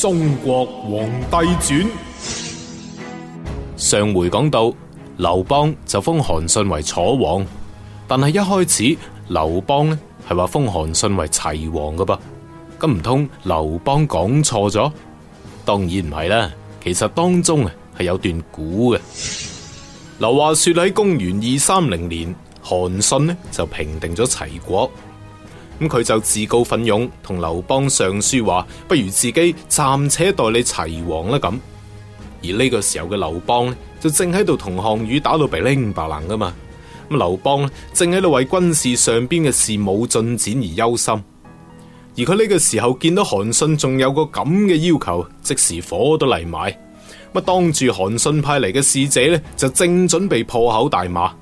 《中國皇帝傳》上回講到，劉邦就封韓信為楚王，但係一開始劉邦呢係話封韓信為齊王嘅噃，咁唔通劉邦講錯咗？當然唔係啦，其實當中啊係有段古嘅。劉話說喺公元二三零年，韓信呢就平定咗齊國。咁佢就自告奮勇，同劉邦上書話：不如自己暫且代理齊王啦咁。而呢個時候嘅劉邦呢，就正喺度同項羽打到鼻青白爛噶嘛。咁劉邦呢，正喺度為軍事上邊嘅事冇進展而憂心。而佢呢個時候見到韓信仲有個咁嘅要求，即時火都嚟埋。咁當住韓信派嚟嘅使者呢，就正準備破口大罵。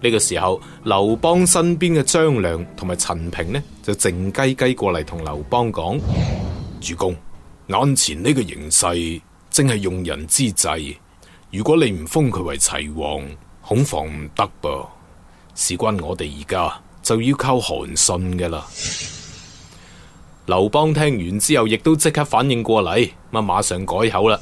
呢個時候，劉邦身邊嘅張良同埋陳平呢，就靜雞雞過嚟，同劉邦講：主公，眼前呢個形勢正係用人之際，如果你唔封佢為齊王，恐防唔得噃。事關我哋而家就要靠韓信嘅啦。劉邦聽完之後，亦都即刻反應過嚟，乜馬上改口啦。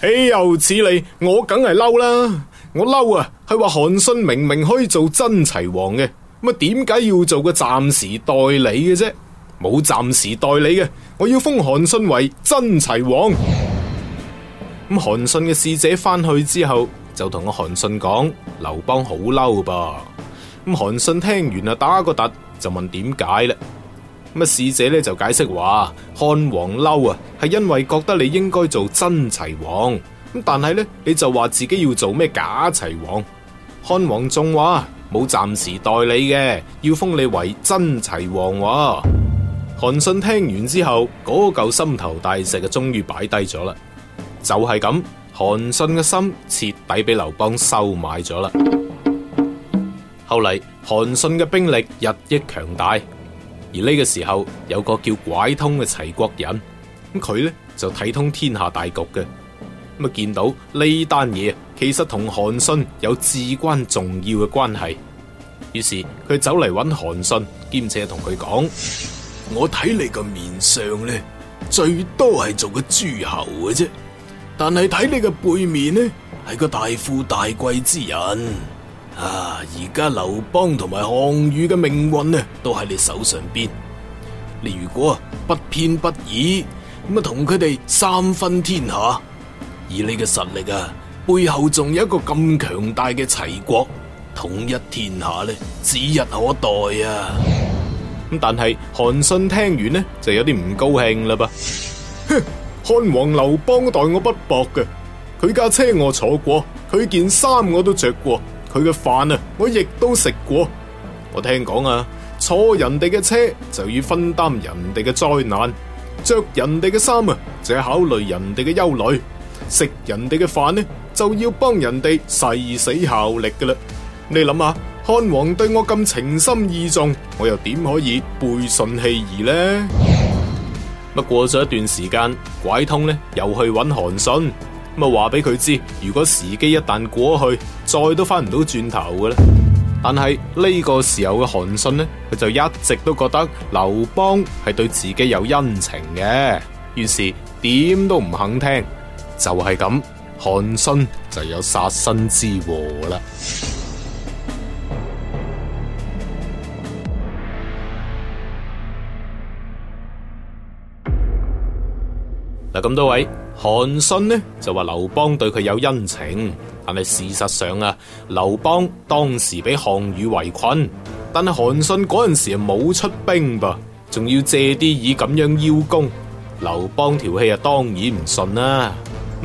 豈有此理！我梗係嬲啦。我嬲啊！係話韓信明明可以做真齊王嘅，咁啊點解要做個暫時代理嘅啫？冇暫時代理嘅，我要封韓信為真齊王。咁韓 信嘅使者翻去之後，就同阿韓信講：「劉邦好嬲噃！」咁韓信聽完啊，打個突就問點解啦？咁啊，使者呢，就解釋話：漢王嬲啊，係因為覺得你應該做真齊王。但係呢，你就話自己要做咩假齊王？漢王仲話冇暫時代理嘅，要封你為真齊王喎。話韓信聽完之後，嗰嚿心頭大石就終於擺低咗啦。就係咁，韓信嘅心徹底俾劉邦收買咗啦。後嚟，韓信嘅兵力日益強大，而呢個時候有個叫蒯通嘅齊國人，咁佢呢就睇通天下大局嘅。咁啊，見到呢單嘢其實同韓信有至關重要嘅關係。於是佢走嚟揾韓信，兼且同佢講：我睇你個面相呢，最多係做個諸侯嘅啫。但係睇你嘅背面呢，係個大富大貴之人啊！而家劉邦同埋項羽嘅命運啊，都喺你手上邊。你如果不偏不倚，咁啊，同佢哋三分天下。以你嘅實力啊，背後仲有一個咁強大嘅齊國，統一天下呢，指日可待啊！咁但係韓信聽完呢，就有啲唔高興啦噃。哼，漢王劉邦待我不薄嘅，佢架車我坐過，佢件衫我都着過，佢嘅飯啊我亦都食過。我聽講啊，坐人哋嘅車就要分擔人哋嘅災難，着人哋嘅衫啊，就要考慮人哋嘅憂慮。食人哋嘅飯呢，就要幫人哋誓死效力噶啦。你諗下，漢王對我咁情深意重，我又點可以背信棄義呢？咁過咗一段時間，鬼通呢又去揾韓信，咁啊話俾佢知，如果時機一旦過去，再都翻唔到轉頭噶啦。但係呢個時候嘅韓信呢，佢就一直都覺得劉邦係對自己有恩情嘅，於是點都唔肯聽。就係咁，韓信就有殺身之禍啦。嗱，咁多位，韓信呢就話劉邦對佢有恩情，但係事實上啊，劉邦當時俾項羽圍困，但係韓信嗰陣時冇出兵噃，仲要借啲意咁樣邀功，劉邦條氣啊，當然唔順啦。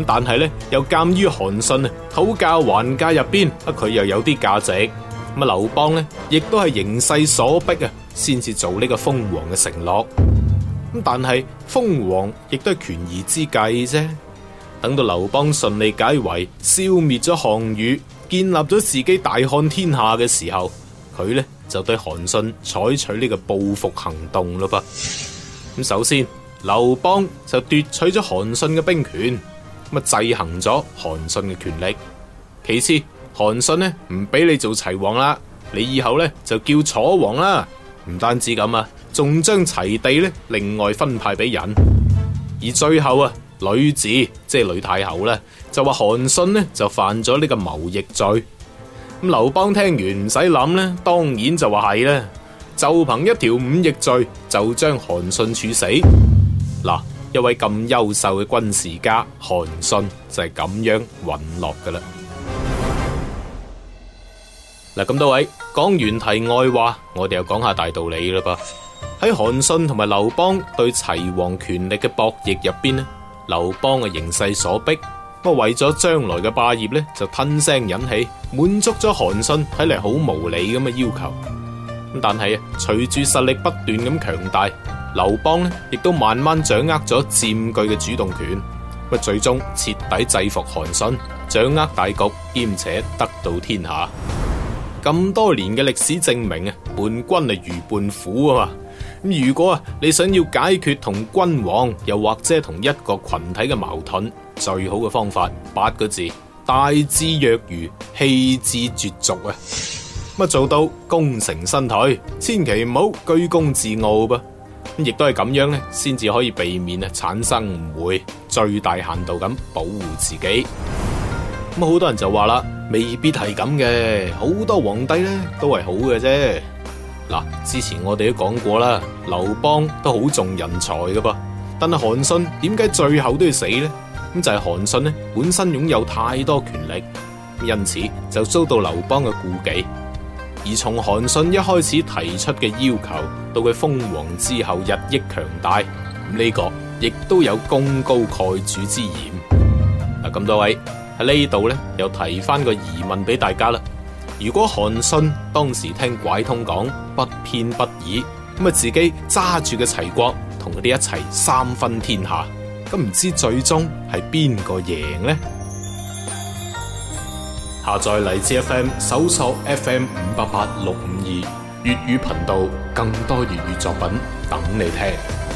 但係咧，又鑒於韓信啊討價還價入邊，啊佢又有啲價值。咁啊，劉邦咧亦都係形勢所逼啊，先至做呢個封王嘅承諾。咁但係封王亦都係權宜之計啫。等到劉邦順利解圍，消滅咗項羽，建立咗自己大漢天下嘅時候，佢呢就對韓信採取呢個報復行動啦噃。噉，首先劉邦就奪取咗韓信嘅兵權。乜制衡咗韓信嘅權力？其次，韓信呢，唔俾你做齊王啦，你以後呢就叫楚王啦。唔單止咁啊，仲將齊地呢另外分派俾人。而最後啊，呂雉即係呂太后啦，就話韓信呢就犯咗呢個謀逆罪。咁劉邦聽完唔使諗呢，當然就話係啦，就憑一條忤逆罪就將韓信處死嗱。一位咁優秀嘅軍事家韓信就係咁樣隕落噶啦。嗱，咁多位講完題外話，我哋又講下大道理啦噃。喺韓信同埋劉邦對齊王權力嘅博弈入邊呢，劉邦嘅形勢所逼，咁為咗將來嘅霸業呢，就吞聲忍氣，滿足咗韓信睇嚟好無理咁嘅要求。咁但係啊，隨住實力不斷咁強大，劉邦呢，亦都慢慢掌握咗佔據嘅主動權，咁最終徹底制服韓信，掌握大局兼且得到天下。咁多年嘅歷史證明叛軍叛啊，伴君啊如伴虎啊嘛。咁如果啊，你想要解決同君王又或者同一個群體嘅矛盾，最好嘅方法八個字，大智若愚，氣自絕俗啊。乜做到功成身退，千祈唔好居功自傲噃，啊。亦都係咁樣咧，先至可以避免啊產生誤會，最大限度咁保護自己。咁好多人就話啦，未必係咁嘅，好多皇帝咧都係好嘅啫。嗱，之前我哋都講過啦，劉邦都好重人才㗎噃，但係韓信點解最後都要死咧？咁就係韓信咧本身擁有太多權力，因此就遭到劉邦嘅顧忌。而從韓信一開始提出嘅要求，到佢封王之後日益強大，呢、這個亦都有功高蓋主之嫌。嗱、啊，咁多位喺呢度呢，又提翻個疑問俾大家啦。如果韓信當時聽蒯通講不偏不倚，咁啊自己揸住嘅齊國同佢哋一齊三分天下，咁唔知最終係邊個贏呢？下載荔枝 FM，搜索 FM 五八八六五二，粵語頻道，更多粵語作品等你聽。